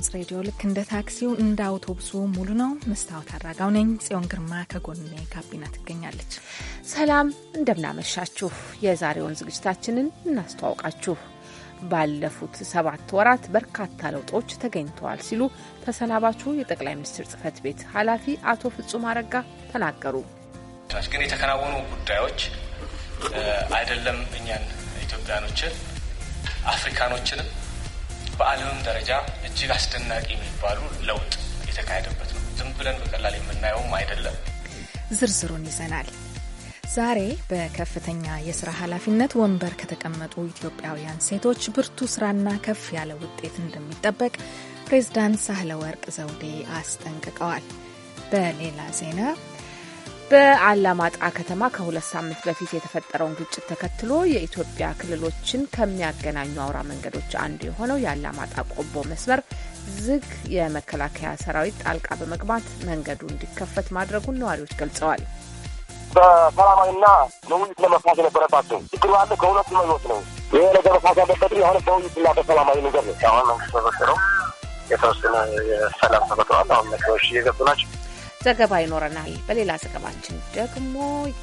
ድምጽ ሬዲዮ ልክ እንደ ታክሲው እንደ አውቶቡሱ ሙሉ ነው። መስታወት አድራጋው ነኝ። ጽዮን ግርማ ከጎኔ ካቢና ትገኛለች። ሰላም እንደምናመሻችሁ። የዛሬውን ዝግጅታችንን እናስተዋውቃችሁ። ባለፉት ሰባት ወራት በርካታ ለውጦች ተገኝተዋል ሲሉ ተሰናባቹ የጠቅላይ ሚኒስትር ጽህፈት ቤት ኃላፊ አቶ ፍጹም አረጋ ተናገሩ። ግን የተከናወኑ ጉዳዮች አይደለም እኛን ኢትዮጵያኖችን አፍሪካኖችንም በዓለምም ደረጃ እጅግ አስደናቂ የሚባሉ ለውጥ የተካሄደበት ነው። ዝም ብለን በቀላል የምናየውም አይደለም። ዝርዝሩን ይዘናል። ዛሬ በከፍተኛ የስራ ኃላፊነት ወንበር ከተቀመጡ ኢትዮጵያውያን ሴቶች ብርቱ ስራና ከፍ ያለ ውጤት እንደሚጠበቅ ፕሬዝዳንት ሳህለ ወርቅ ዘውዴ አስጠንቅቀዋል። በሌላ ዜና በአላማጣ ከተማ ከሁለት ሳምንት በፊት የተፈጠረውን ግጭት ተከትሎ የኢትዮጵያ ክልሎችን ከሚያገናኙ አውራ መንገዶች አንዱ የሆነው የአላማጣ ቆቦ መስመር ዝግ የመከላከያ ሰራዊት ጣልቃ በመግባት መንገዱ እንዲከፈት ማድረጉን ነዋሪዎች ገልጸዋል። በሰላማዊና ለውይይት ለመፍታት የነበረባቸው ችግሩ አለ። ከሁለቱ መሪዎች ነው ይሄ ነገር መፍታት ያለበት። አሁን በውይይትና በሰላማዊ ነገር ነው። አሁን መንግስት ተፈጥረው የተወሰነ የሰላም ተፈጥሯል። አሁን ነገሮች እየገቡ ናቸው። ዘገባ ይኖረናል። በሌላ ዘገባችን ደግሞ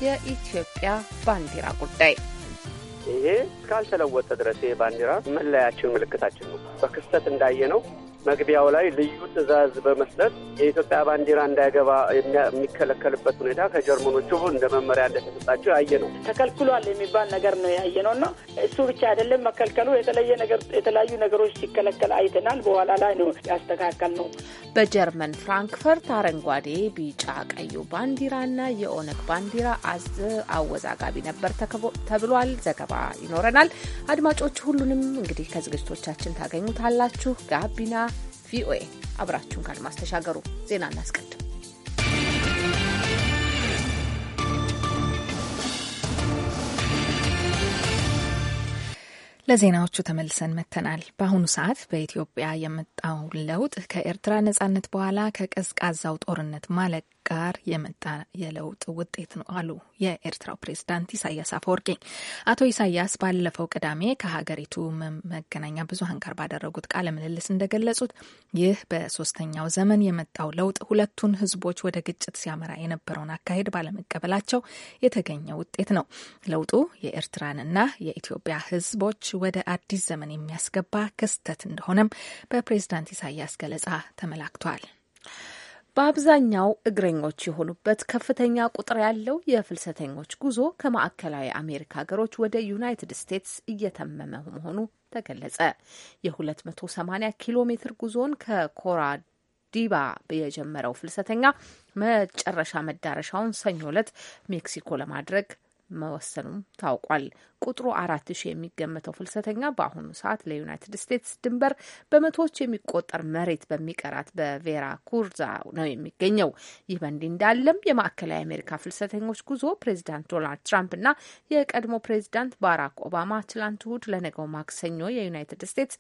የኢትዮጵያ ባንዲራ ጉዳይ ይሄ እስካልተለወጠ ድረስ ይሄ ባንዲራ መለያችን፣ ምልክታችን ነው። በክስተት እንዳየ ነው መግቢያው ላይ ልዩ ትዕዛዝ በመስጠት የኢትዮጵያ ባንዲራ እንዳይገባ የሚከለከልበት ሁኔታ ከጀርመኖቹ እንደ መመሪያ እንደተሰጣቸው ያየ ነው። ተከልክሏል የሚባል ነገር ነው ያየ ነው እና እሱ ብቻ አይደለም መከልከሉ፣ የተለየ ነገር የተለያዩ ነገሮች ሲከለከል አይተናል። በኋላ ላይ ነው ያስተካከል ነው። በጀርመን ፍራንክፈርት አረንጓዴ፣ ቢጫ፣ ቀዩ ባንዲራና የኦነግ ባንዲራ አዝ አወዛጋቢ ነበር ተብሏል። ዘገባ ይኖረናል። አድማጮች ሁሉንም እንግዲህ ከዝግጅቶቻችን ታገኙታላችሁ። ጋቢና ቪኦኤ። አብራችሁን ካድማስ ተሻገሩ። ዜና እናስቀድም። ለዜናዎቹ ተመልሰን መጥተናል። በአሁኑ ሰዓት በኢትዮጵያ የመጣው ለውጥ ከኤርትራ ነጻነት በኋላ ከቀዝቃዛው ጦርነት ማለቅ ጋር የመጣ የለውጥ ውጤት ነው አሉ የኤርትራው ፕሬዝዳንት ኢሳያስ አፈወርቂ። አቶ ኢሳያስ ባለፈው ቅዳሜ ከሀገሪቱ መገናኛ ብዙኃን ጋር ባደረጉት ቃለ ምልልስ እንደገለጹት ይህ በሶስተኛው ዘመን የመጣው ለውጥ ሁለቱን ህዝቦች ወደ ግጭት ሲያመራ የነበረውን አካሄድ ባለመቀበላቸው የተገኘ ውጤት ነው። ለውጡ የኤርትራንና የኢትዮጵያ ህዝቦች ወደ አዲስ ዘመን የሚያስገባ ክስተት እንደሆነም በፕሬዝዳንት ኢሳያስ ገለጻ ተመላክቷል። በአብዛኛው እግረኞች የሆኑበት ከፍተኛ ቁጥር ያለው የፍልሰተኞች ጉዞ ከማዕከላዊ አሜሪካ ሀገሮች ወደ ዩናይትድ ስቴትስ እየተመመ መሆኑ ተገለጸ። የ280 ኪሎ ሜትር ጉዞን ከኮራ ዲባ የጀመረው ፍልሰተኛ መጨረሻ መዳረሻውን ሰኞ ዕለት ሜክሲኮ ለማድረግ መወሰኑም ታውቋል። ቁጥሩ አራት ሺህ የሚገመተው ፍልሰተኛ በአሁኑ ሰዓት ለዩናይትድ ስቴትስ ድንበር በመቶዎች የሚቆጠር መሬት በሚቀራት በቬራ ኩርዛ ነው የሚገኘው። ይህ በእንዲህ እንዳለም የማዕከላዊ አሜሪካ ፍልሰተኞች ጉዞ ፕሬዚዳንት ዶናልድ ትራምፕና የቀድሞ ፕሬዚዳንት ባራክ ኦባማ ትላንት እሁድ ለነገው ማክሰኞ የዩናይትድ ስቴትስ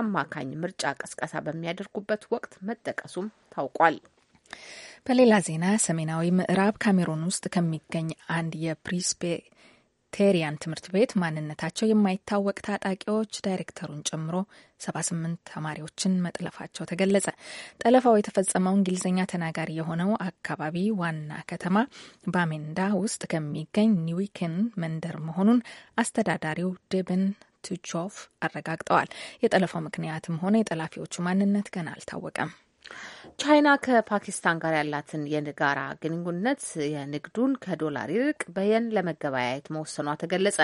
አማካኝ ምርጫ ቀስቀሳ በሚያደርጉበት ወቅት መጠቀሱም ታውቋል። በሌላ ዜና ሰሜናዊ ምዕራብ ካሜሩን ውስጥ ከሚገኝ አንድ የፕሪስፔ ቴሪያን ትምህርት ቤት ማንነታቸው የማይታወቅ ታጣቂዎች ዳይሬክተሩን ጨምሮ 78 ተማሪዎችን መጥለፋቸው ተገለጸ። ጠለፋው የተፈጸመው እንግሊዝኛ ተናጋሪ የሆነው አካባቢ ዋና ከተማ ባሜንዳ ውስጥ ከሚገኝ ኒዊኬን መንደር መሆኑን አስተዳዳሪው ድብን ቱቾፍ አረጋግጠዋል። የጠለፋው ምክንያትም ሆነ የጠላፊዎቹ ማንነት ገና አልታወቀም። ቻይና ከፓኪስታን ጋር ያላትን የጋራ ግንኙነት የንግዱን ከዶላር ይልቅ በየን ለመገበያየት መወሰኗ ተገለጸ።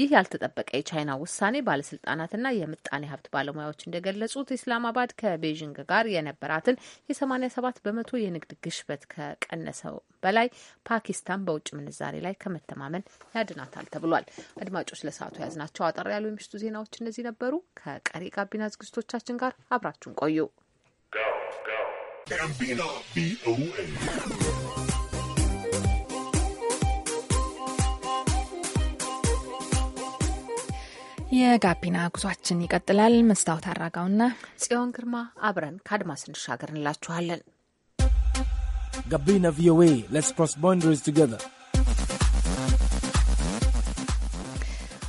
ይህ ያልተጠበቀ የቻይና ውሳኔ ባለስልጣናትና የምጣኔ ሀብት ባለሙያዎች እንደገለጹት ኢስላማባድ ከቤዥንግ ጋር የነበራትን የ87 በመቶ የንግድ ግሽበት ከቀነሰው በላይ ፓኪስታን በውጭ ምንዛሬ ላይ ከመተማመን ያድናታል ተብሏል። አድማጮች ለሰዓቱ ያዝናቸው አጠር ያሉ የምሽቱ ዜናዎች እነዚህ ነበሩ። ከቀሪ ጋቢና ዝግጅቶቻችን ጋር አብራችሁን ቆዩ። የጋቢና ጉዟችን ይቀጥላል። መስታወት አራጋውና ጽዮን ግርማ አብረን ከአድማስ እንሻገር እንላችኋለን። ጋቢና ቪኦኤ ሌትስ ክሮስ ቦንደሪስ ቱጌዘር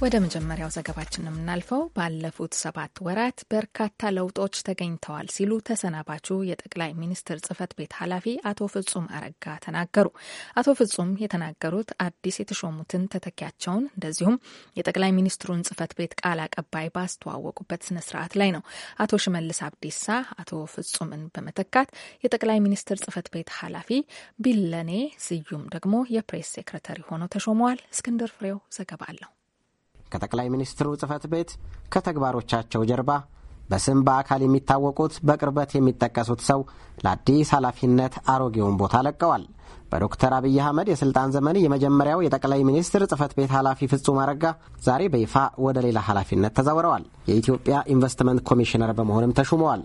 ወደ መጀመሪያው ዘገባችን የምናልፈው ባለፉት ሰባት ወራት በርካታ ለውጦች ተገኝተዋል ሲሉ ተሰናባቹ የጠቅላይ ሚኒስትር ጽህፈት ቤት ኃላፊ አቶ ፍጹም አረጋ ተናገሩ። አቶ ፍጹም የተናገሩት አዲስ የተሾሙትን ተተኪያቸውን እንደዚሁም የጠቅላይ ሚኒስትሩን ጽህፈት ቤት ቃል አቀባይ ባስተዋወቁበት ስነ ስርዓት ላይ ነው። አቶ ሽመልስ አብዲሳ አቶ ፍጹምን በመተካት የጠቅላይ ሚኒስትር ጽህፈት ቤት ኃላፊ ቢለኔ ስዩም ደግሞ የፕሬስ ሴክረተሪ ሆነው ተሾመዋል። እስክንድር ፍሬው ዘገባ አለው። ከጠቅላይ ሚኒስትሩ ጽህፈት ቤት ከተግባሮቻቸው ጀርባ በስም በአካል የሚታወቁት በቅርበት የሚጠቀሱት ሰው ለአዲስ ኃላፊነት አሮጌውን ቦታ ለቀዋል። በዶክተር አብይ አህመድ የስልጣን ዘመን የመጀመሪያው የጠቅላይ ሚኒስትር ጽህፈት ቤት ኃላፊ ፍጹም አረጋ ዛሬ በይፋ ወደ ሌላ ኃላፊነት ተዛውረዋል። የኢትዮጵያ ኢንቨስትመንት ኮሚሽነር በመሆንም ተሹመዋል።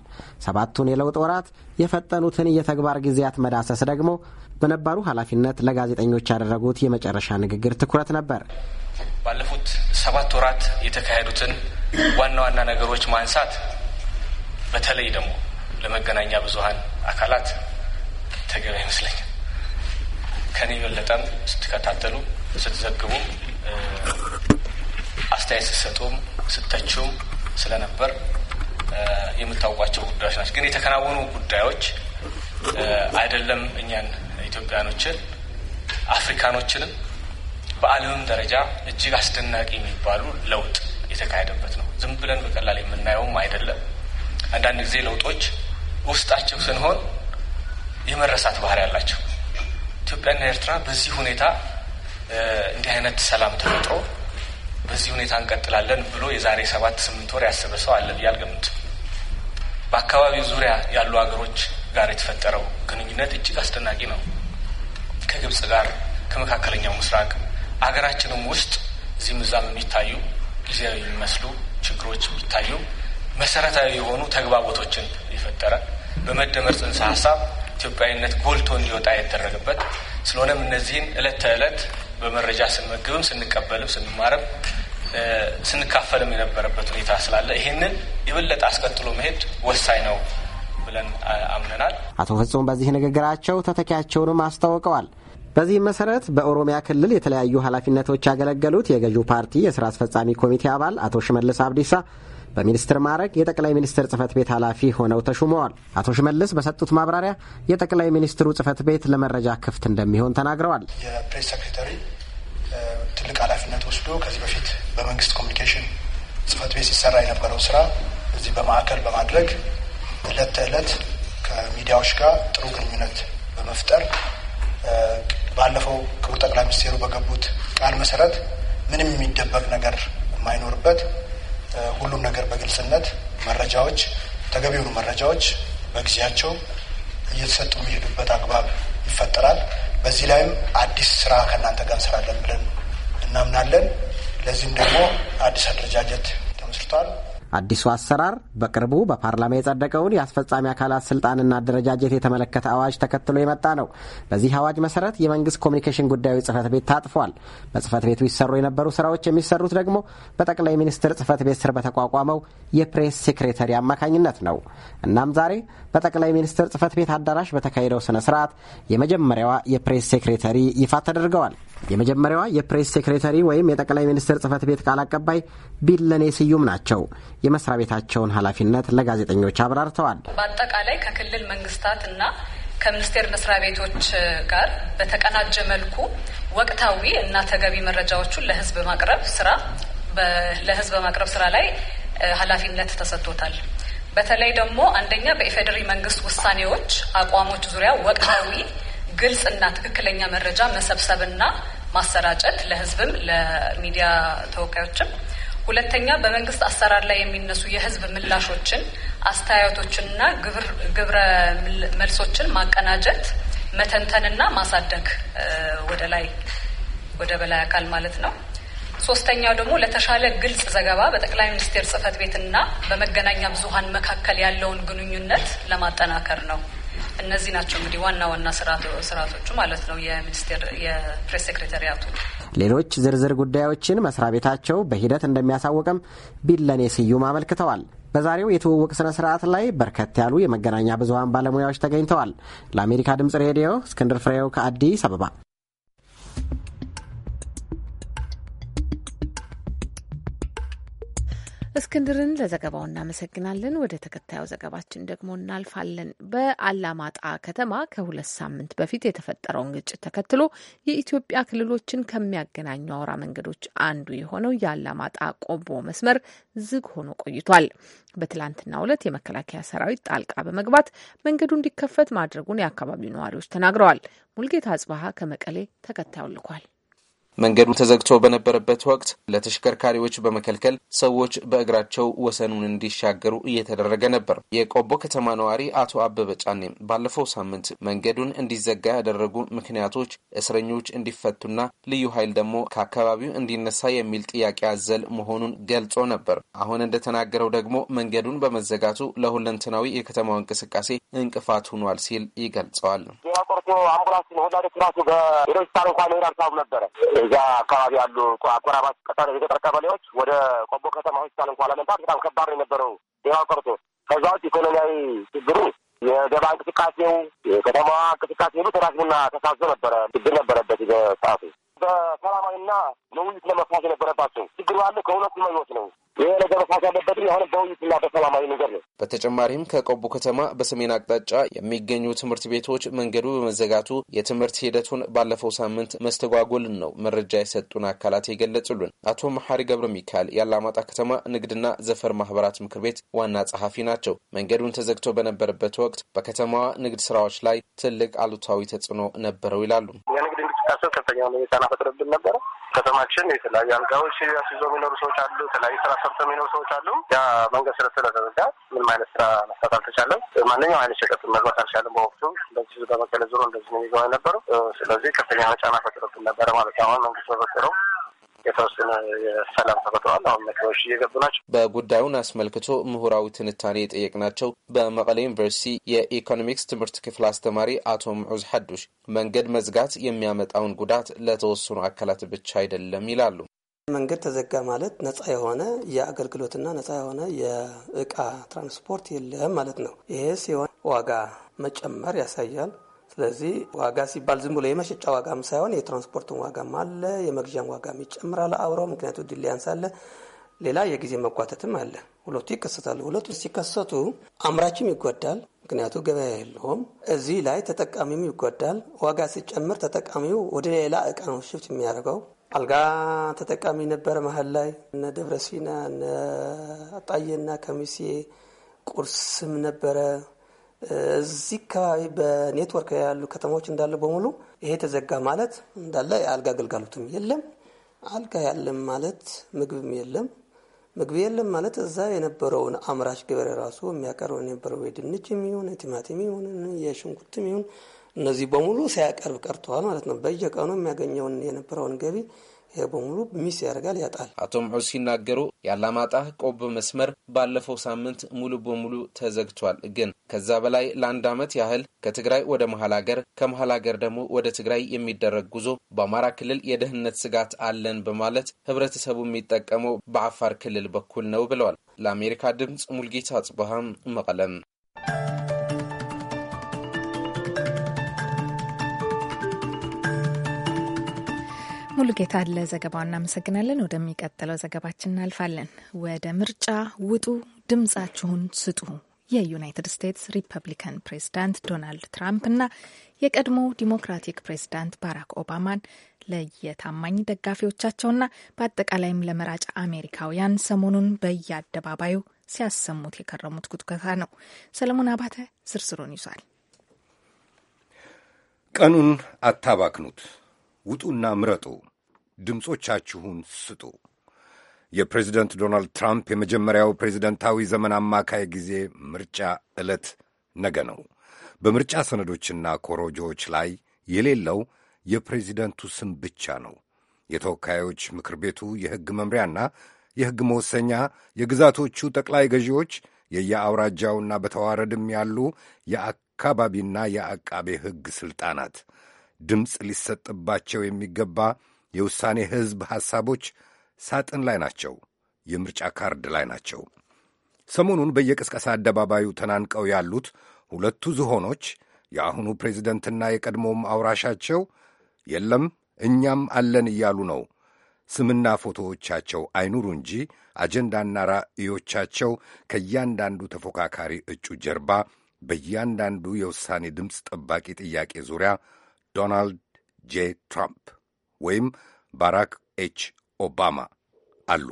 ሰባቱን የለውጥ ወራት የፈጠኑትን የተግባር ጊዜያት መዳሰስ ደግሞ በነባሩ ኃላፊነት ለጋዜጠኞች ያደረጉት የመጨረሻ ንግግር ትኩረት ነበር። ባለፉት ሰባት ወራት የተካሄዱትን ዋና ዋና ነገሮች ማንሳት በተለይ ደግሞ ለመገናኛ ብዙኃን አካላት ተገቢ አይመስለኛል። ከኔ የበለጠም ስትከታተሉ፣ ስትዘግቡ፣ አስተያየት ስትሰጡም ስተችውም ስለነበር የምታውቋቸው ጉዳዮች ናቸው። ግን የተከናወኑ ጉዳዮች አይደለም እኛን ኢትዮጵያኖችን አፍሪካኖችንም በዓለምም ደረጃ እጅግ አስደናቂ የሚባሉ ለውጥ የተካሄደበት ነው። ዝም ብለን በቀላል የምናየውም አይደለም። አንዳንድ ጊዜ ለውጦች ውስጣቸው ስንሆን የመረሳት ባህሪ ያላቸው ኢትዮጵያና ኤርትራ በዚህ ሁኔታ እንዲህ አይነት ሰላም ተፈጥሮ በዚህ ሁኔታ እንቀጥላለን ብሎ የዛሬ ሰባት ስምንት ወር ያሰበ ሰው አለ ብዬ አልገምትም። በአካባቢው ዙሪያ ያሉ ሀገሮች ጋር የተፈጠረው ግንኙነት እጅግ አስደናቂ ነው። ከግብጽ ጋር፣ ከመካከለኛው ምስራቅ አገራችንም ውስጥ እዚህም እዛም የሚታዩ ጊዜያዊ የሚመስሉ ችግሮች የሚታዩ መሰረታዊ የሆኑ ተግባቦቶችን የፈጠረ በመደመር ጽንሰ ሀሳብ ኢትዮጵያዊነት ጎልቶ እንዲወጣ የተደረገበት ስለሆነም እነዚህን እለት ተእለት በመረጃ ስንመግብም ስንቀበልም ስንማርም ስንካፈልም የነበረበት ሁኔታ ስላለ ይህንን የበለጠ አስቀጥሎ መሄድ ወሳኝ ነው ብለን አምነናል። አቶ ፍጹም በዚህ ንግግራቸው ተተኪያቸውንም አስታውቀዋል። በዚህም መሰረት በኦሮሚያ ክልል የተለያዩ ኃላፊነቶች ያገለገሉት የገዢው ፓርቲ የስራ አስፈጻሚ ኮሚቴ አባል አቶ ሽመልስ አብዲሳ በሚኒስትር ማዕረግ የጠቅላይ ሚኒስትር ጽህፈት ቤት ኃላፊ ሆነው ተሹመዋል። አቶ ሽመልስ በሰጡት ማብራሪያ የጠቅላይ ሚኒስትሩ ጽህፈት ቤት ለመረጃ ክፍት እንደሚሆን ተናግረዋል። የፕሬስ ሴክሬታሪ ትልቅ ኃላፊነት ወስዶ ከዚህ በፊት በመንግስት ኮሚኒኬሽን ጽህፈት ቤት ሲሰራ የነበረው ስራ እዚህ በማዕከል በማድረግ እለት ተዕለት ከሚዲያዎች ጋር ጥሩ ግንኙነት በመፍጠር ባለፈው ክቡር ጠቅላይ ሚኒስቴሩ በገቡት ቃል መሰረት ምንም የሚደበቅ ነገር የማይኖርበት ሁሉም ነገር በግልጽነት መረጃዎች፣ ተገቢውን መረጃዎች በጊዜያቸው እየተሰጡ የሚሄዱበት አግባብ ይፈጠራል። በዚህ ላይም አዲስ ስራ ከእናንተ ጋር እንሰራለን ብለን እናምናለን። ለዚህም ደግሞ አዲስ አደረጃጀት ተመስርቷል። አዲሱ አሰራር በቅርቡ በፓርላማ የጸደቀውን የአስፈጻሚ አካላት ስልጣንና አደረጃጀት የተመለከተ አዋጅ ተከትሎ የመጣ ነው። በዚህ አዋጅ መሰረት የመንግስት ኮሚኒኬሽን ጉዳዮች ጽህፈት ቤት ታጥፏል። በጽህፈት ቤቱ ይሰሩ የነበሩ ስራዎች የሚሰሩት ደግሞ በጠቅላይ ሚኒስትር ጽህፈት ቤት ስር በተቋቋመው የፕሬስ ሴክሬተሪ አማካኝነት ነው። እናም ዛሬ በጠቅላይ ሚኒስትር ጽህፈት ቤት አዳራሽ በተካሄደው ስነ ስርዓት የመጀመሪያዋ የፕሬስ ሴክሬተሪ ይፋ ተደርገዋል። የመጀመሪያዋ የፕሬስ ሴክሬተሪ ወይም የጠቅላይ ሚኒስትር ጽህፈት ቤት ቃል አቀባይ ቢለኔ ስዩም ናቸው። የመስሪያ ቤታቸውን ኃላፊነት ለጋዜጠኞች አብራርተዋል። በአጠቃላይ ከክልል መንግስታት እና ከሚኒስቴር መስሪያ ቤቶች ጋር በተቀናጀ መልኩ ወቅታዊ እና ተገቢ መረጃዎቹን ለህዝብ ማቅረብ ስራ ለህዝብ ማቅረብ ስራ ላይ ኃላፊነት ተሰጥቶታል። በተለይ ደግሞ አንደኛ በኢፌዴሪ መንግስት ውሳኔዎች፣ አቋሞች ዙሪያ ወቅታዊ ግልጽ እና ትክክለኛ መረጃ መሰብሰብና ማሰራጨት ለህዝብም ለሚዲያ ተወካዮችም ሁለተኛ በመንግስት አሰራር ላይ የሚነሱ የህዝብ ምላሾችን አስተያየቶችንና ግብረ መልሶችን ማቀናጀት መተንተንና ማሳደግ ወደ ላይ ወደ በላይ አካል ማለት ነው። ሶስተኛው ደግሞ ለተሻለ ግልጽ ዘገባ በጠቅላይ ሚኒስቴር ጽህፈት ቤትና በመገናኛ ብዙሀን መካከል ያለውን ግንኙነት ለማጠናከር ነው። እነዚህ ናቸው እንግዲህ ዋና ዋና ስርዓቶቹ ማለት ነው የሚኒስቴር የፕሬስ ሴክሬታሪያቱ። ሌሎች ዝርዝር ጉዳዮችን መስሪያ ቤታቸው በሂደት እንደሚያሳውቅም ቢለኔ ስዩም አመልክተዋል። በዛሬው የትውውቅ ስነ ስርዓት ላይ በርከት ያሉ የመገናኛ ብዙሀን ባለሙያዎች ተገኝተዋል። ለአሜሪካ ድምጽ ሬዲዮ እስክንድር ፍሬው ከአዲስ አበባ እስክንድርን ለዘገባው እናመሰግናለን። ወደ ተከታዩ ዘገባችን ደግሞ እናልፋለን። በአላማጣ ከተማ ከሁለት ሳምንት በፊት የተፈጠረውን ግጭት ተከትሎ የኢትዮጵያ ክልሎችን ከሚያገናኙ አውራ መንገዶች አንዱ የሆነው የአላማጣ ቆቦ መስመር ዝግ ሆኖ ቆይቷል። በትላንትናው ሁለት የመከላከያ ሰራዊት ጣልቃ በመግባት መንገዱ እንዲከፈት ማድረጉን የአካባቢው ነዋሪዎች ተናግረዋል። ሙልጌታ አጽባሀ ከመቀሌ ተከታዩ ልኳል። መንገዱ ተዘግቶ በነበረበት ወቅት ለተሽከርካሪዎች በመከልከል ሰዎች በእግራቸው ወሰኑን እንዲሻገሩ እየተደረገ ነበር። የቆቦ ከተማ ነዋሪ አቶ አበበ ጫኔም ባለፈው ሳምንት መንገዱን እንዲዘጋ ያደረጉ ምክንያቶች እስረኞች እንዲፈቱና ልዩ ኃይል ደግሞ ከአካባቢው እንዲነሳ የሚል ጥያቄ አዘል መሆኑን ገልጾ ነበር። አሁን እንደተናገረው ደግሞ መንገዱን በመዘጋቱ ለሁለንትናዊ የከተማው እንቅስቃሴ እንቅፋት ሆኗል ሲል ይገልጸዋል። እዛ አካባቢ ያሉ አጎራባች ቀጠ የገጠር ቀበሌዎች ወደ ቆቦ ከተማ ሆስፒታል እንኳ ለመምጣት በጣም ከባድ ነው የነበረው። ሌላው ቀርቶ ከዛ ውጭ ኢኮኖሚያዊ ችግሩ የገባ እንቅስቃሴው፣ የከተማ እንቅስቃሴ ሁሉ ተራክሙና ተሳዞ ነበረ። ችግር ነበረበት በሰዓቱ በሰላማዊና ለውይይት ለመስማት የነበረባቸው ችግሩ ያለ ከሁለቱ መሪዎች ነው። ይህ ነገር መሳት ያለበት የሆነ በውይይትና በሰላማዊ ነገር ነው። በተጨማሪም ከቆቦ ከተማ በሰሜን አቅጣጫ የሚገኙ ትምህርት ቤቶች መንገዱ በመዘጋቱ የትምህርት ሂደቱን ባለፈው ሳምንት መስተጓጎልን ነው መረጃ የሰጡን አካላት የገለጹልን። አቶ መሐሪ ገብረ ሚካኤል የአላማጣ ከተማ ንግድና ዘፈር ማህበራት ምክር ቤት ዋና ጸሐፊ ናቸው። መንገዱን ተዘግቶ በነበረበት ወቅት በከተማዋ ንግድ ስራዎች ላይ ትልቅ አሉታዊ ተጽዕኖ ነበረው ይላሉ። የንግድ እንቅስቃሴው ከፍተኛ ሁኔታ ናፈጥረብን ነበረ። ከተማችን የተለያዩ አልጋዎች አስይዞ የሚኖሩ ሰዎች አሉ። የተለያዩ ስራ ሰርቶ የሚኖሩ ሰዎች አሉ። ያ መንገድ ስለተዘጋ ምንም አይነት ስራ መስራት አልተቻለም። ማንኛውም አይነት ሸቀጥ መግባት አልቻለም። በወቅቱ በዚህ በመቀለ ዙሮ እንደዚህ ነው የሚገባ የነበረው። ስለዚህ ከፍተኛ ጫና ፈጥረብን ነበረ ማለት አሁን መንግስት በፈጠረው የተወሰነ ሰላም ተፈጥሯል። አሁን መኪናዎች እየገቡ ናቸው። በጉዳዩን አስመልክቶ ምሁራዊ ትንታኔ የጠየቅናቸው በመቀሌ ዩኒቨርሲቲ የኢኮኖሚክስ ትምህርት ክፍል አስተማሪ አቶ ምዑዝ ሐዱሽ መንገድ መዝጋት የሚያመጣውን ጉዳት ለተወሰኑ አካላት ብቻ አይደለም ይላሉ። መንገድ ተዘጋ ማለት ነጻ የሆነ የአገልግሎትና ነጻ የሆነ የእቃ ትራንስፖርት የለም ማለት ነው። ይሄ ሲሆን ዋጋ መጨመር ያሳያል። ስለዚህ ዋጋ ሲባል ዝም ብሎ የመሸጫ ዋጋም ሳይሆን የትራንስፖርትን ዋጋም አለ፣ የመግዣን ዋጋም ይጨምራል አብሮ። ምክንያቱ ድልያንስ ያንሳለ፣ ሌላ የጊዜ መጓተትም አለ። ሁለቱ ይከሰታሉ። ሁለቱ ሲከሰቱ አምራችም ይጎዳል፣ ምክንያቱ ገበያ የለውም። እዚህ ላይ ተጠቃሚም ይጎዳል። ዋጋ ሲጨምር ተጠቃሚው ወደ ሌላ እቃ ነው ሽፍት የሚያደርገው። አልጋ ተጠቃሚ ነበረ መሀል ላይ እነ ደብረሲና እነ አጣዬና ከሚሴ ቁርስም ነበረ እዚህ አካባቢ በኔትወርክ ያሉ ከተማዎች እንዳለ በሙሉ ይሄ ተዘጋ ማለት እንዳለ የአልጋ አገልጋሎትም የለም። አልጋ ያለም ማለት ምግብም የለም። ምግብ የለም ማለት እዛ የነበረውን አምራች ገበሬ ራሱ የሚያቀርበው የነበረው የድንች የሚሆን የቲማቲም የሚሆን የሽንኩርት የሚሆን እነዚህ በሙሉ ሳያቀርብ ቀርተዋል ማለት ነው። በየቀኑ የሚያገኘውን የነበረውን ገቢ በሙሉ ሚስ ያደርጋል፣ ያጣል። አቶ ምዑዝ ሲናገሩ የአላማጣ ቆቦ መስመር ባለፈው ሳምንት ሙሉ በሙሉ ተዘግቷል። ግን ከዛ በላይ ለአንድ ዓመት ያህል ከትግራይ ወደ መሀል ሀገር ከመሀል ሀገር ደግሞ ወደ ትግራይ የሚደረግ ጉዞ በአማራ ክልል የደህንነት ስጋት አለን በማለት ህብረተሰቡ የሚጠቀመው በአፋር ክልል በኩል ነው ብለዋል። ለአሜሪካ ድምፅ ሙልጌታ አጽበሃም መቀለም ሙሉጌታ ለዘገባው እናመሰግናለን። ወደሚቀጥለው ዘገባችን እናልፋለን። ወደ ምርጫ ውጡ፣ ድምጻችሁን ስጡ የዩናይትድ ስቴትስ ሪፐብሊካን ፕሬዚዳንት ዶናልድ ትራምፕ እና የቀድሞ ዲሞክራቲክ ፕሬዚዳንት ባራክ ኦባማን ለየታማኝ ደጋፊዎቻቸውና በአጠቃላይም ለመራጭ አሜሪካውያን ሰሞኑን በየአደባባዩ ሲያሰሙት የከረሙት ጉትጎታ ነው። ሰለሞን አባተ ዝርዝሩን ይዟል። ቀኑን አታባክኑት። ውጡና ምረጡ፣ ድምፆቻችሁን ስጡ። የፕሬዚደንት ዶናልድ ትራምፕ የመጀመሪያው ፕሬዚደንታዊ ዘመን አማካይ ጊዜ ምርጫ ዕለት ነገ ነው። በምርጫ ሰነዶችና ኮሮጆዎች ላይ የሌለው የፕሬዚደንቱ ስም ብቻ ነው። የተወካዮች ምክር ቤቱ የሕግ መምሪያና የሕግ መወሰኛ፣ የግዛቶቹ ጠቅላይ ገዢዎች፣ የየአውራጃውና በተዋረድም ያሉ የአካባቢና የአቃቤ ሕግ ሥልጣናት ድምፅ ሊሰጥባቸው የሚገባ የውሳኔ ሕዝብ ሐሳቦች ሳጥን ላይ ናቸው፣ የምርጫ ካርድ ላይ ናቸው። ሰሞኑን በየቅስቀሳ አደባባዩ ተናንቀው ያሉት ሁለቱ ዝሆኖች የአሁኑ ፕሬዚደንትና የቀድሞም አውራሻቸው የለም እኛም አለን እያሉ ነው። ስምና ፎቶዎቻቸው አይኑሩ እንጂ አጀንዳና ራዕዮቻቸው ከእያንዳንዱ ተፎካካሪ እጩ ጀርባ በእያንዳንዱ የውሳኔ ድምፅ ጠባቂ ጥያቄ ዙሪያ ዶናልድ ጄ ትራምፕ ወይም ባራክ ኤች ኦባማ አሉ።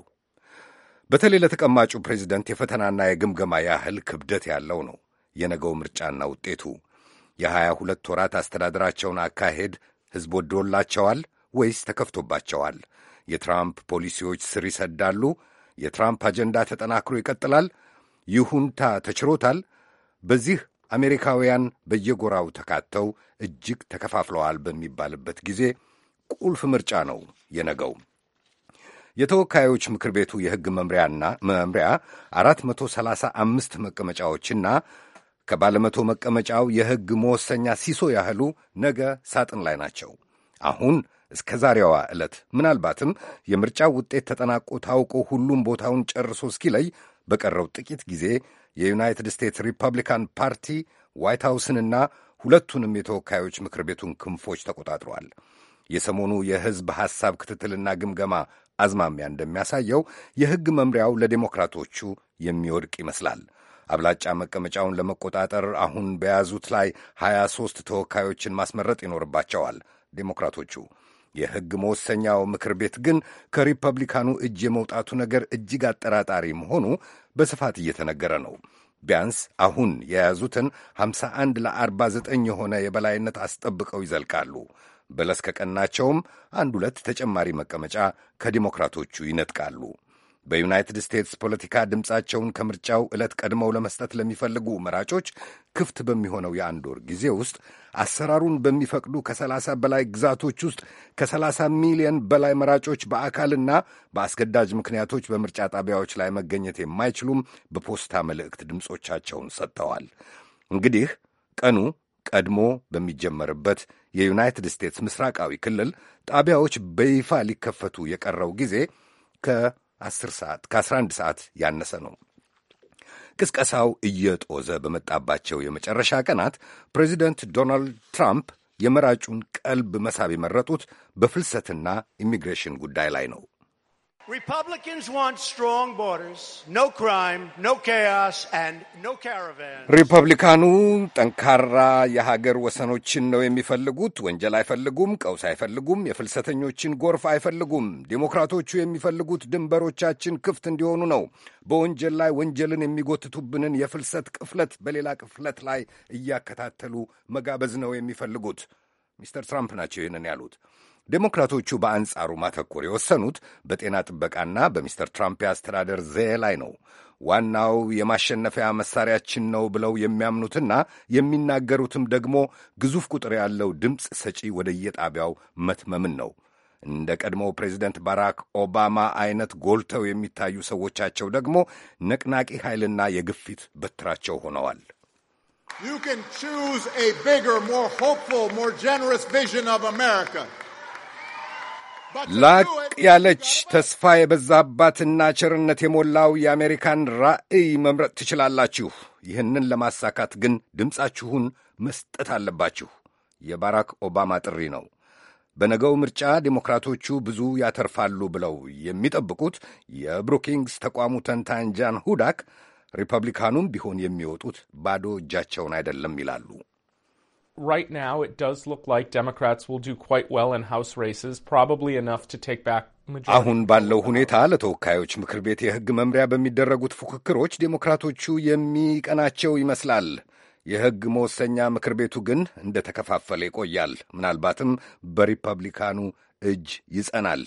በተለይ ለተቀማጩ ፕሬዚደንት የፈተናና የግምገማ ያህል ክብደት ያለው ነው የነገው ምርጫና ውጤቱ። የሀያ ሁለት ወራት አስተዳደራቸውን አካሄድ ሕዝብ ወዶላቸዋል ወይስ ተከፍቶባቸዋል? የትራምፕ ፖሊሲዎች ስር ይሰዳሉ? የትራምፕ አጀንዳ ተጠናክሮ ይቀጥላል? ይሁንታ ተችሮታል? በዚህ አሜሪካውያን በየጎራው ተካተው እጅግ ተከፋፍለዋል በሚባልበት ጊዜ ቁልፍ ምርጫ ነው የነገው። የተወካዮች ምክር ቤቱ የሕግ መምሪያና መምሪያ 435 መቀመጫዎችና ከባለመቶ መቀመጫው የሕግ መወሰኛ ሲሶ ያህሉ ነገ ሳጥን ላይ ናቸው። አሁን እስከ ዛሬዋ ዕለት ምናልባትም የምርጫ ውጤት ተጠናቆ ታውቆ ሁሉም ቦታውን ጨርሶ እስኪለይ በቀረው ጥቂት ጊዜ የዩናይትድ ስቴትስ ሪፐብሊካን ፓርቲ ዋይት ሃውስንና ሁለቱንም የተወካዮች ምክር ቤቱን ክንፎች ተቆጣጥረዋል። የሰሞኑ የሕዝብ ሐሳብ ክትትልና ግምገማ አዝማሚያ እንደሚያሳየው የሕግ መምሪያው ለዴሞክራቶቹ የሚወድቅ ይመስላል። አብላጫ መቀመጫውን ለመቆጣጠር አሁን በያዙት ላይ 23 ተወካዮችን ማስመረጥ ይኖርባቸዋል ዴሞክራቶቹ የሕግ መወሰኛው ምክር ቤት ግን ከሪፐብሊካኑ እጅ የመውጣቱ ነገር እጅግ አጠራጣሪ መሆኑ በስፋት እየተነገረ ነው። ቢያንስ አሁን የያዙትን 51 ለ49 የሆነ የበላይነት አስጠብቀው ይዘልቃሉ። በለስ ከቀናቸውም አንድ ሁለት ተጨማሪ መቀመጫ ከዲሞክራቶቹ ይነጥቃሉ። በዩናይትድ ስቴትስ ፖለቲካ ድምፃቸውን ከምርጫው ዕለት ቀድመው ለመስጠት ለሚፈልጉ መራጮች ክፍት በሚሆነው የአንድ ወር ጊዜ ውስጥ አሰራሩን በሚፈቅዱ ከ30 በላይ ግዛቶች ውስጥ ከ30 ሚሊዮን በላይ መራጮች በአካልና በአስገዳጅ ምክንያቶች በምርጫ ጣቢያዎች ላይ መገኘት የማይችሉም በፖስታ መልእክት ድምፆቻቸውን ሰጥተዋል። እንግዲህ ቀኑ ቀድሞ በሚጀመርበት የዩናይትድ ስቴትስ ምስራቃዊ ክልል ጣቢያዎች በይፋ ሊከፈቱ የቀረው ጊዜ ከ 10 ሰዓት ከ11 ሰዓት ያነሰ ነው። ቅስቀሳው እየጦዘ በመጣባቸው የመጨረሻ ቀናት ፕሬዚደንት ዶናልድ ትራምፕ የመራጩን ቀልብ መሳብ የመረጡት በፍልሰትና ኢሚግሬሽን ጉዳይ ላይ ነው። ሪፐብሊካኑ ጠንካራ የሀገር ወሰኖችን ነው የሚፈልጉት። ወንጀል አይፈልጉም፣ ቀውስ አይፈልጉም፣ የፍልሰተኞችን ጎርፍ አይፈልጉም። ዴሞክራቶቹ የሚፈልጉት ድንበሮቻችን ክፍት እንዲሆኑ ነው። በወንጀል ላይ ወንጀልን የሚጎትቱብንን የፍልሰት ቅፍለት በሌላ ቅፍለት ላይ እያከታተሉ መጋበዝ ነው የሚፈልጉት። ሚስተር ትራምፕ ናቸው ይህንን ያሉት። ዴሞክራቶቹ በአንጻሩ ማተኮር የወሰኑት በጤና ጥበቃና በሚስተር ትራምፕ የአስተዳደር ዘዬ ላይ ነው። ዋናው የማሸነፊያ መሳሪያችን ነው ብለው የሚያምኑትና የሚናገሩትም ደግሞ ግዙፍ ቁጥር ያለው ድምፅ ሰጪ ወደየጣቢያው መትመምን ነው። እንደ ቀድሞው ፕሬዚደንት ባራክ ኦባማ አይነት ጎልተው የሚታዩ ሰዎቻቸው ደግሞ ነቅናቂ ኃይልና የግፊት በትራቸው ሆነዋል። You can choose a bigger, more hopeful, more generous vision of America. ላቅ ያለች ተስፋ የበዛባትና ቸርነት የሞላው የአሜሪካን ራዕይ መምረጥ ትችላላችሁ። ይህንን ለማሳካት ግን ድምፃችሁን መስጠት አለባችሁ። የባራክ ኦባማ ጥሪ ነው። በነገው ምርጫ ዴሞክራቶቹ ብዙ ያተርፋሉ ብለው የሚጠብቁት የብሩኪንግስ ተቋሙ ተንታኝ ጃን ሁዳክ ሪፐብሊካኑም ቢሆን የሚወጡት ባዶ እጃቸውን አይደለም ይላሉ። right now it does look like Democrats will do quite well in House races, probably enough to take back አሁን ባለው ሁኔታ ለተወካዮች ምክር ቤት የሕግ መምሪያ በሚደረጉት ፉክክሮች ዴሞክራቶቹ የሚቀናቸው ይመስላል። የሕግ መወሰኛ ምክር ቤቱ ግን እንደ ተከፋፈለ ይቆያል፣ ምናልባትም በሪፐብሊካኑ እጅ ይጸናል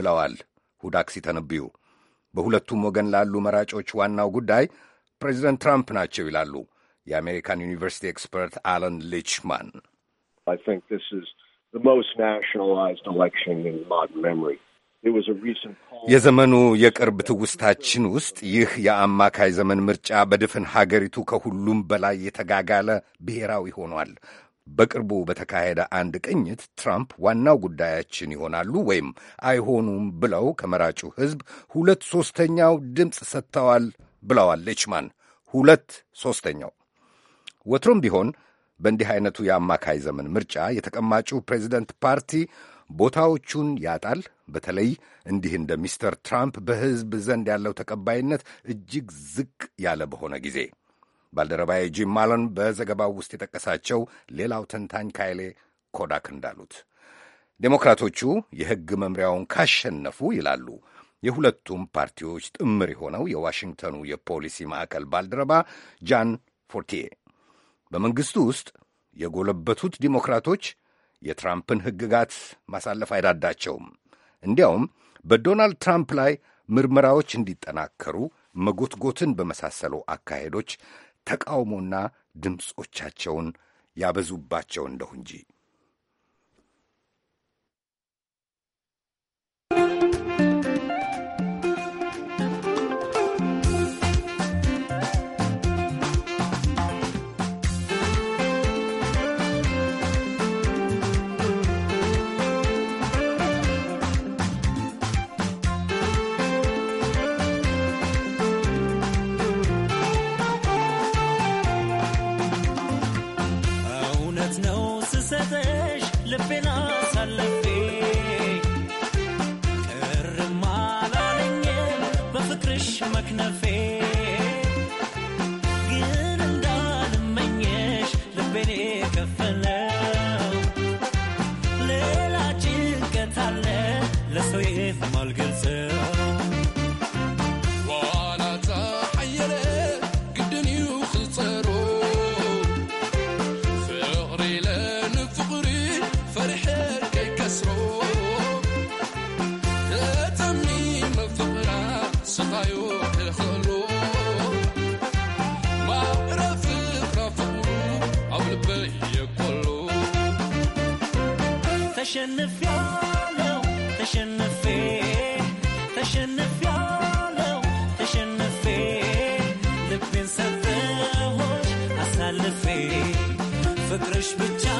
ብለዋል ሁዳክሲ ተነብዩ። በሁለቱም ወገን ላሉ መራጮች ዋናው ጉዳይ ፕሬዚደንት ትራምፕ ናቸው ይላሉ። የአሜሪካን ዩኒቨርሲቲ ኤክስፐርት አለን ሊችማን የዘመኑ የቅርብ ትውስታችን ውስጥ ይህ የአማካይ ዘመን ምርጫ በድፍን ሀገሪቱ ከሁሉም በላይ የተጋጋለ ብሔራዊ ሆኗል። በቅርቡ በተካሄደ አንድ ቅኝት ትራምፕ ዋናው ጉዳያችን ይሆናሉ ወይም አይሆኑም ብለው ከመራጩ ሕዝብ ሁለት ሦስተኛው ድምፅ ሰጥተዋል ብለዋል ሌችማን። ሁለት ሦስተኛው ወትሮም ቢሆን በእንዲህ አይነቱ የአማካይ ዘመን ምርጫ የተቀማጩ ፕሬዚደንት ፓርቲ ቦታዎቹን ያጣል። በተለይ እንዲህ እንደ ሚስተር ትራምፕ በሕዝብ ዘንድ ያለው ተቀባይነት እጅግ ዝቅ ያለ በሆነ ጊዜ ባልደረባዬ ጂም ማለን በዘገባው ውስጥ የጠቀሳቸው ሌላው ተንታኝ ካይሌ ኮዳክ እንዳሉት ዴሞክራቶቹ የሕግ መምሪያውን ካሸነፉ ይላሉ የሁለቱም ፓርቲዎች ጥምር የሆነው የዋሽንግተኑ የፖሊሲ ማዕከል ባልደረባ ጃን ፎርቲዬ በመንግሥቱ ውስጥ የጎለበቱት ዲሞክራቶች የትራምፕን ሕግጋት ማሳለፍ አይዳዳቸውም። እንዲያውም በዶናልድ ትራምፕ ላይ ምርመራዎች እንዲጠናከሩ መጎትጎትን በመሳሰሉ አካሄዶች ተቃውሞና ድምፆቻቸውን ያበዙባቸው እንደሁ እንጂ ستش لبنا ፍቅርሽ ብቻ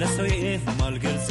ለሰው ይፍ ማልገልጽ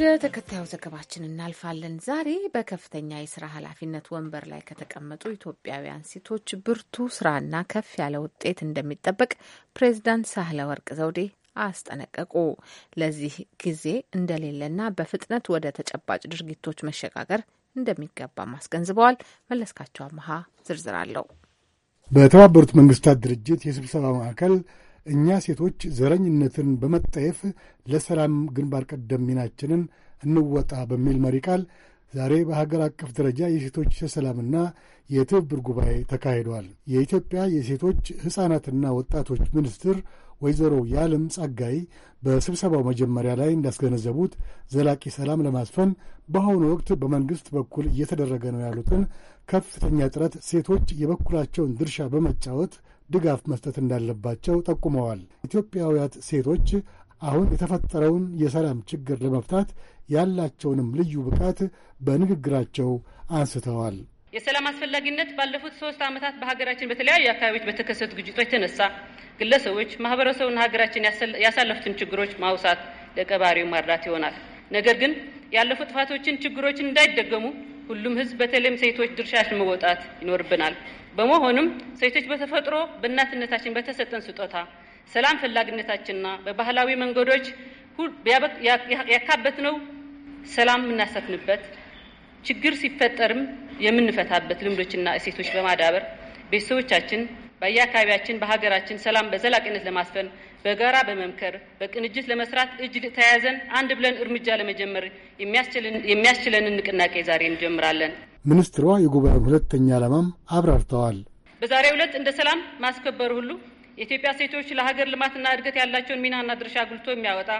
ወደ ተከታዩ ዘገባችን እናልፋለን። ዛሬ በከፍተኛ የስራ ኃላፊነት ወንበር ላይ ከተቀመጡ ኢትዮጵያውያን ሴቶች ብርቱ ስራና ከፍ ያለ ውጤት እንደሚጠበቅ ፕሬዚዳንት ሳህለ ወርቅ ዘውዴ አስጠነቀቁ። ለዚህ ጊዜ እንደሌለና በፍጥነት ወደ ተጨባጭ ድርጊቶች መሸጋገር እንደሚገባም አስገንዝበዋል። መለስካቸው አመሃ ዝርዝር አለው። በተባበሩት መንግስታት ድርጅት የስብሰባ ማዕከል እኛ ሴቶች ዘረኝነትን በመጠየፍ ለሰላም ግንባር ቀደም ሚናችንን እንወጣ በሚል መሪ ቃል ዛሬ በሀገር አቀፍ ደረጃ የሴቶች የሰላምና የትብብር ጉባኤ ተካሂዷል። የኢትዮጵያ የሴቶች ሕፃናትና ወጣቶች ሚኒስትር ወይዘሮ የዓለም ጸጋይ በስብሰባው መጀመሪያ ላይ እንዳስገነዘቡት ዘላቂ ሰላም ለማስፈን በአሁኑ ወቅት በመንግሥት በኩል እየተደረገ ነው ያሉትን ከፍተኛ ጥረት ሴቶች የበኩላቸውን ድርሻ በመጫወት ድጋፍ መስጠት እንዳለባቸው ጠቁመዋል። ኢትዮጵያውያት ሴቶች አሁን የተፈጠረውን የሰላም ችግር ለመፍታት ያላቸውንም ልዩ ብቃት በንግግራቸው አንስተዋል። የሰላም አስፈላጊነት ባለፉት ሶስት ዓመታት በሀገራችን በተለያዩ አካባቢዎች በተከሰቱ ግጭቶች የተነሳ ግለሰቦች፣ ማህበረሰቡና ሀገራችን ያሳለፉትን ችግሮች ማውሳት ለቀባሪው ማርዳት ይሆናል። ነገር ግን ያለፉ ጥፋቶችን፣ ችግሮችን እንዳይደገሙ ሁሉም ህዝብ በተለይም ሴቶች ድርሻችን መወጣት ይኖርብናል። በመሆኑም ሴቶች በተፈጥሮ በእናትነታችን በተሰጠን ስጦታ ሰላም ፈላጊነታችንና በባህላዊ መንገዶች ያካበትነው ሰላም የምናሰፍንበት ችግር ሲፈጠርም የምንፈታበት ልምዶችና እሴቶች በማዳበር ቤተሰቦቻችን በየአካባቢያችን በሀገራችን ሰላም በዘላቂነት ለማስፈን በጋራ በመምከር በቅንጅት ለመስራት እጅ ተያያዘን አንድ ብለን እርምጃ ለመጀመር የሚያስችለንን ንቅናቄ ዛሬ እንጀምራለን። ሚኒስትሯ የጉባኤውን ሁለተኛ ዓላማም አብራርተዋል። በዛሬው ዕለት እንደ ሰላም ማስከበር ሁሉ የኢትዮጵያ ሴቶች ለሀገር ልማትና እድገት ያላቸውን ሚናና ድርሻ አጉልቶ የሚያወጣ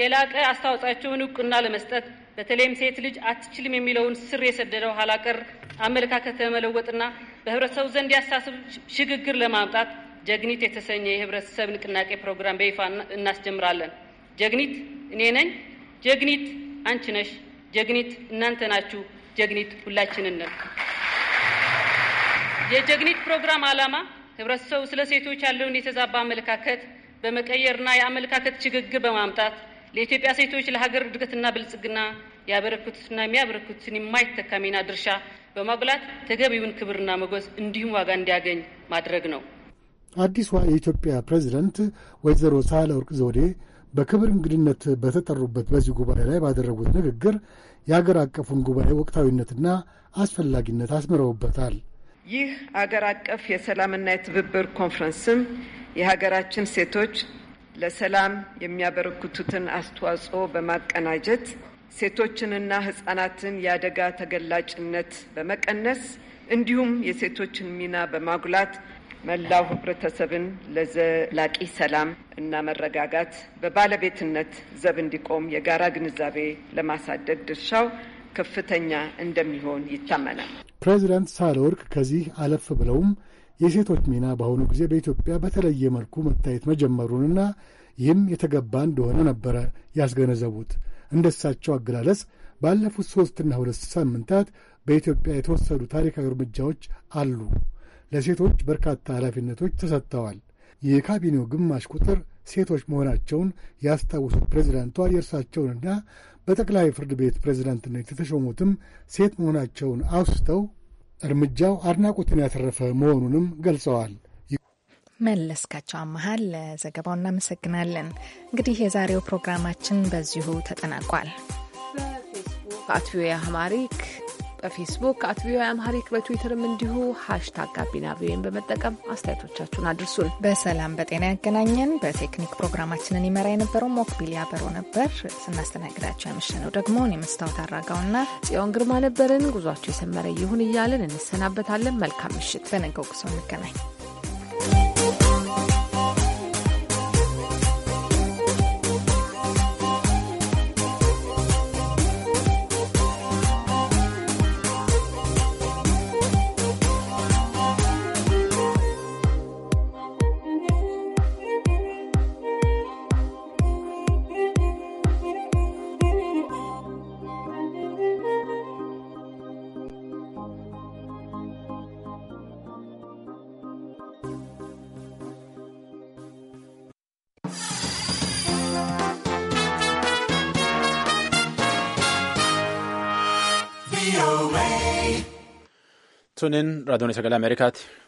የላቀ አስተዋጽኦአቸውን እውቅና ለመስጠት በተለይም ሴት ልጅ አትችልም የሚለውን ስር የሰደደው ኋላቀር አመለካከት ለመለወጥና በህብረተሰቡ ዘንድ ያሳስብ ሽግግር ለማምጣት ጀግኒት የተሰኘ የህብረተሰብ ንቅናቄ ፕሮግራም በይፋ እናስጀምራለን። ጀግኒት እኔ ነኝ፣ ጀግኒት አንቺ ነሽ፣ ጀግኒት እናንተ ናችሁ ጀግኒት ሁላችንን ነው። የጀግኒት ፕሮግራም ዓላማ ህብረተሰቡ ስለ ሴቶች ያለውን የተዛባ አመለካከት በመቀየርና የአመለካከት ሽግግር በማምጣት ለኢትዮጵያ ሴቶች ለሀገር እድገትና ብልጽግና ያበረክቱትና የሚያበረክቱትን የማይተካ ሚና ድርሻ በማጉላት ተገቢውን ክብርና መጎዝ እንዲሁም ዋጋ እንዲያገኝ ማድረግ ነው። አዲሷ የኢትዮጵያ ፕሬዚደንት ወይዘሮ ሳህለወርቅ ዘውዴ በክብር እንግድነት በተጠሩበት በዚህ ጉባኤ ላይ ባደረጉት ንግግር የአገር አቀፉን ጉባኤ ወቅታዊነትና አስፈላጊነት አስምረውበታል። ይህ አገር አቀፍ የሰላምና የትብብር ኮንፈረንስም የሀገራችን ሴቶች ለሰላም የሚያበረክቱትን አስተዋጽኦ በማቀናጀት ሴቶችንና ሕጻናትን የአደጋ ተገላጭነት በመቀነስ እንዲሁም የሴቶችን ሚና በማጉላት መላው ህብረተሰብን ለዘላቂ ሰላም እና መረጋጋት በባለቤትነት ዘብ እንዲቆም የጋራ ግንዛቤ ለማሳደግ ድርሻው ከፍተኛ እንደሚሆን ይታመናል። ፕሬዚዳንት ሳህለወርቅ ከዚህ አለፍ ብለውም የሴቶች ሚና በአሁኑ ጊዜ በኢትዮጵያ በተለየ መልኩ መታየት መጀመሩንና ይህም የተገባ እንደሆነ ነበረ ያስገነዘቡት። እንደሳቸው አገላለጽ ባለፉት ሦስትና ሁለት ሳምንታት በኢትዮጵያ የተወሰዱ ታሪካዊ እርምጃዎች አሉ። ለሴቶች በርካታ ኃላፊነቶች ተሰጥተዋል። የካቢኔው ግማሽ ቁጥር ሴቶች መሆናቸውን ያስታውሱት ፕሬዚዳንቷ የእርሳቸውንና በጠቅላይ ፍርድ ቤት ፕሬዚዳንትነት የተሾሙትም ሴት መሆናቸውን አውስተው እርምጃው አድናቆትን ያተረፈ መሆኑንም ገልጸዋል። መለስካቸው አመሃል ለዘገባው እናመሰግናለን። እንግዲህ የዛሬው ፕሮግራማችን በዚሁ ተጠናቋል። በአት ቪኦኤ በፌስቡክ አት ቪኦኤ አምሃሪክ በትዊተርም እንዲሁ ሀሽታግ ጋቢና ቪኦኤን በመጠቀም አስተያየቶቻችሁን አድርሱን። በሰላም በጤና ያገናኘን። በቴክኒክ ፕሮግራማችንን ይመራ የነበረው ሞክቢል ያበረው ነበር። ስናስተናግዳቸው ያመሸነው ደግሞ እኔ መስታወት አራጋውና ጽዮን ግርማ ነበርን። ጉዟቸው የሰመረ ይሁን እያለን እንሰናበታለን። መልካም ምሽት። በነገው ጉዞ እንገናኝ። tunin raadiyoon sagalee Ameerikaati.